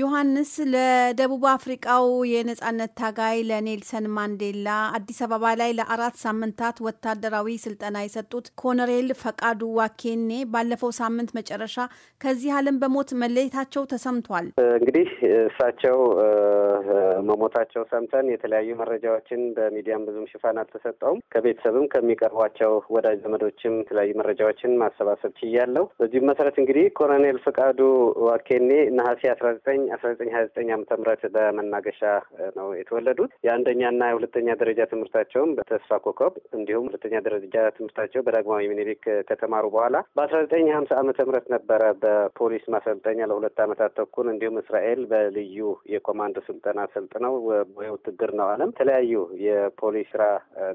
ዮሐንስ ለደቡብ አፍሪቃው የነጻነት ታጋይ ለኔልሰን ማንዴላ አዲስ አበባ ላይ ለአራት ሳምንታት ወታደራዊ ስልጠና የሰጡት ኮሎኔል ፈቃዱ ዋኬኔ ባለፈው ሳምንት መጨረሻ ከዚህ ዓለም በሞት መለየታቸው ተሰምቷል። እንግዲህ እሳቸው መሞታቸው ሰምተን የተለያዩ መረጃዎችን በሚዲያም ብዙም ሽፋን አልተሰጠውም። ከቤተሰብም ከሚቀርቧቸው ወዳጅ ዘመዶችም የተለያዩ መረጃዎችን ማሰባሰብ ችያለሁ። በዚህም መሰረት እንግዲህ ኮሎኔል ፈቃዱ ዋኬኔ ነሐሴ አስራ ዘጠኝ አስራ ዘጠኝ ሀያ ዘጠኝ ዓመተ ምህረት በመናገሻ ነው የተወለዱት። የአንደኛና የሁለተኛ ደረጃ ትምህርታቸውም በተስፋ ኮከብ እንዲሁም ሁለተኛ ደረጃ ትምህርታቸው በዳግማዊ ምኒልክ ከተማሩ በኋላ በአስራ ዘጠኝ ሀምሳ ዓመተ ምህረት ነበረ በፖሊስ ማሰልጠኛ ለሁለት ዓመታት ተኩል እንዲሁም እስራኤል በልዩ የኮማንዶ ስልጠና ሰልጥነው ነው አለም የተለያዩ የፖሊስ ስራ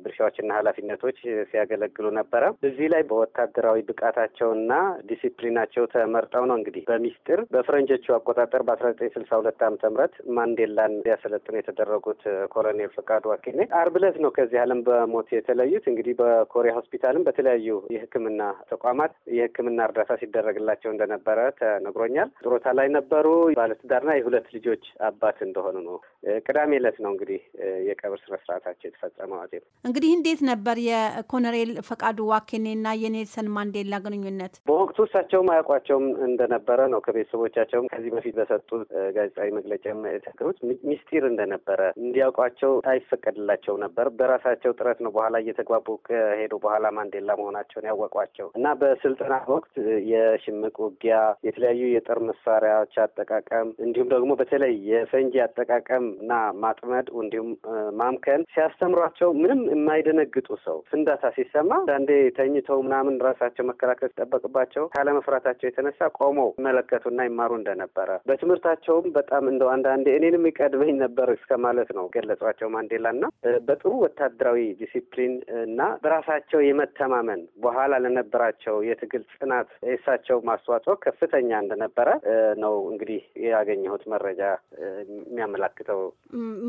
ድርሻዎችና ኃላፊነቶች ሲያገለግሉ ነበረ። እዚህ ላይ በወታደራዊ ብቃታቸውና ዲሲፕሊናቸው ተመርጠው ነው እንግዲህ በሚስጥር በፈረንጆቹ አቆጣጠር በአስራ ስልሳ ሁለት ዓመተ ምህረት ማንዴላን እንዲያሰለጥኑ የተደረጉት ኮሎኔል ፍቃዱ አኬኔ አርብ ዕለት ነው ከዚህ ዓለም በሞት የተለዩት። እንግዲህ በኮሪያ ሆስፒታልም በተለያዩ የሕክምና ተቋማት የሕክምና እርዳታ ሲደረግላቸው እንደነበረ ተነግሮኛል። ጡረታ ላይ ነበሩ። ባለትዳርና የሁለት ልጆች አባት እንደሆኑ ነው። ቅዳሜ ዕለት ነው እንግዲህ የቀብር ስነ የተፈጸመው። አዜብ እንግዲህ እንዴት ነበር የኮሎኔል ፈቃዱ ዋኬኔና የኔልሰን ማንዴላ ግንኙነት? በወቅቱ እሳቸውም አያውቋቸውም እንደነበረ ነው። ከቤተሰቦቻቸውም ከዚህ በፊት በሰጡ ጋዜጣዊ መግለጫ የሚያተክሩት ሚስጢር እንደነበረ እንዲያውቋቸው አይፈቀድላቸው ነበር። በራሳቸው ጥረት ነው በኋላ እየተግባቡ ከሄዱ በኋላ ማንዴላ መሆናቸውን ያወቋቸው እና በስልጠና ወቅት የሽምቅ ውጊያ፣ የተለያዩ የጦር መሳሪያዎች አጠቃቀም እንዲሁም ደግሞ በተለይ የፈንጂ አጠቃቀም እና ማጥመድ እንዲሁም ማምከን ሲያስተምሯቸው ምንም የማይደነግጡ ሰው ፍንዳታ ሲሰማ አንዳንዴ ተኝተው ምናምን ራሳቸው መከላከል ሲጠበቅባቸው ካለመፍራታቸው የተነሳ ቆመው ይመለከቱና ይማሩ እንደነበረ በትምህርታ እሳቸውም በጣም እንደው አንዳንዴ እኔንም ይቀድመኝ ነበር እስከ ማለት ነው ገለጿቸው ማንዴላና በጥሩ ወታደራዊ ዲሲፕሊን እና በራሳቸው የመተማመን በኋላ ለነበራቸው የትግል ጽናት የእሳቸው ማስተዋጽኦ ከፍተኛ እንደነበረ ነው እንግዲህ ያገኘሁት መረጃ የሚያመላክተው።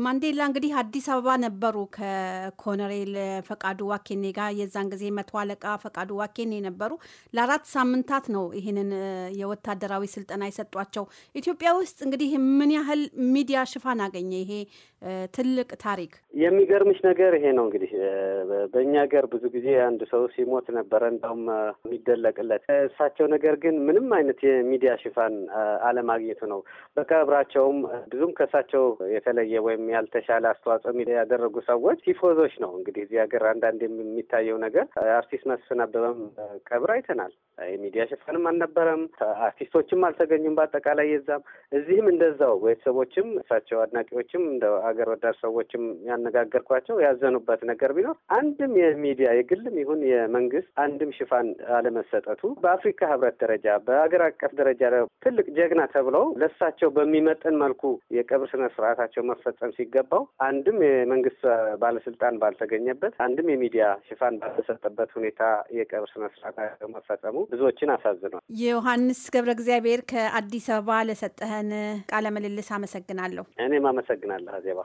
ማንዴላ እንግዲህ አዲስ አበባ ነበሩ ከኮነሬል ፈቃዱ ዋኬኔ ጋር የዛን ጊዜ መቶ አለቃ ፈቃዱ ዋኬኔ ነበሩ። ለአራት ሳምንታት ነው ይህንን የወታደራዊ ስልጠና የሰጧቸው ኢትዮጵያ ውስጥ ውስጥ እንግዲህ ምን ያህል ሚዲያ ሽፋን አገኘ ይሄ ትልቅ ታሪክ። የሚገርምሽ ነገር ይሄ ነው እንግዲህ በእኛ ሀገር ብዙ ጊዜ አንድ ሰው ሲሞት ነበረ እንደውም የሚደለቅለት። እሳቸው ነገር ግን ምንም አይነት የሚዲያ ሽፋን አለማግኘቱ ነው። በቀብራቸውም ብዙም ከእሳቸው የተለየ ወይም ያልተሻለ አስተዋጽኦ ያደረጉ ሰዎች ቲፎዞች ነው። እንግዲህ እዚህ ሀገር አንዳንድ የሚታየው ነገር አርቲስት መስፍን አበበም ቀብር አይተናል። የሚዲያ ሽፋንም አልነበረም፣ አርቲስቶችም አልተገኙም። በአጠቃላይ የዛም እዚህም እንደዛው ቤተሰቦችም እሳቸው አድናቂዎችም እንደ ሀገር ወዳድ ሰዎችም ያነጋገርኳቸው ያዘኑበት ነገር ቢኖር አንድም የሚዲያ የግልም ይሁን የመንግስት አንድም ሽፋን አለመሰጠቱ በአፍሪካ ህብረት ደረጃ በሀገር አቀፍ ደረጃ ትልቅ ጀግና ተብለው ለሳቸው በሚመጥን መልኩ የቀብር ስነ ስርዓታቸው መፈጸም ሲገባው አንድም የመንግስት ባለስልጣን ባልተገኘበት አንድም የሚዲያ ሽፋን ባልተሰጠበት ሁኔታ የቀብር ስነ ስርዓታቸው መፈጸሙ ብዙዎችን አሳዝኗል። ዮሐንስ ገብረ እግዚአብሔር ከአዲስ አበባ ለሰጠህን ቃለ ምልልስ አመሰግናለሁ። እኔም አመሰግናለሁ።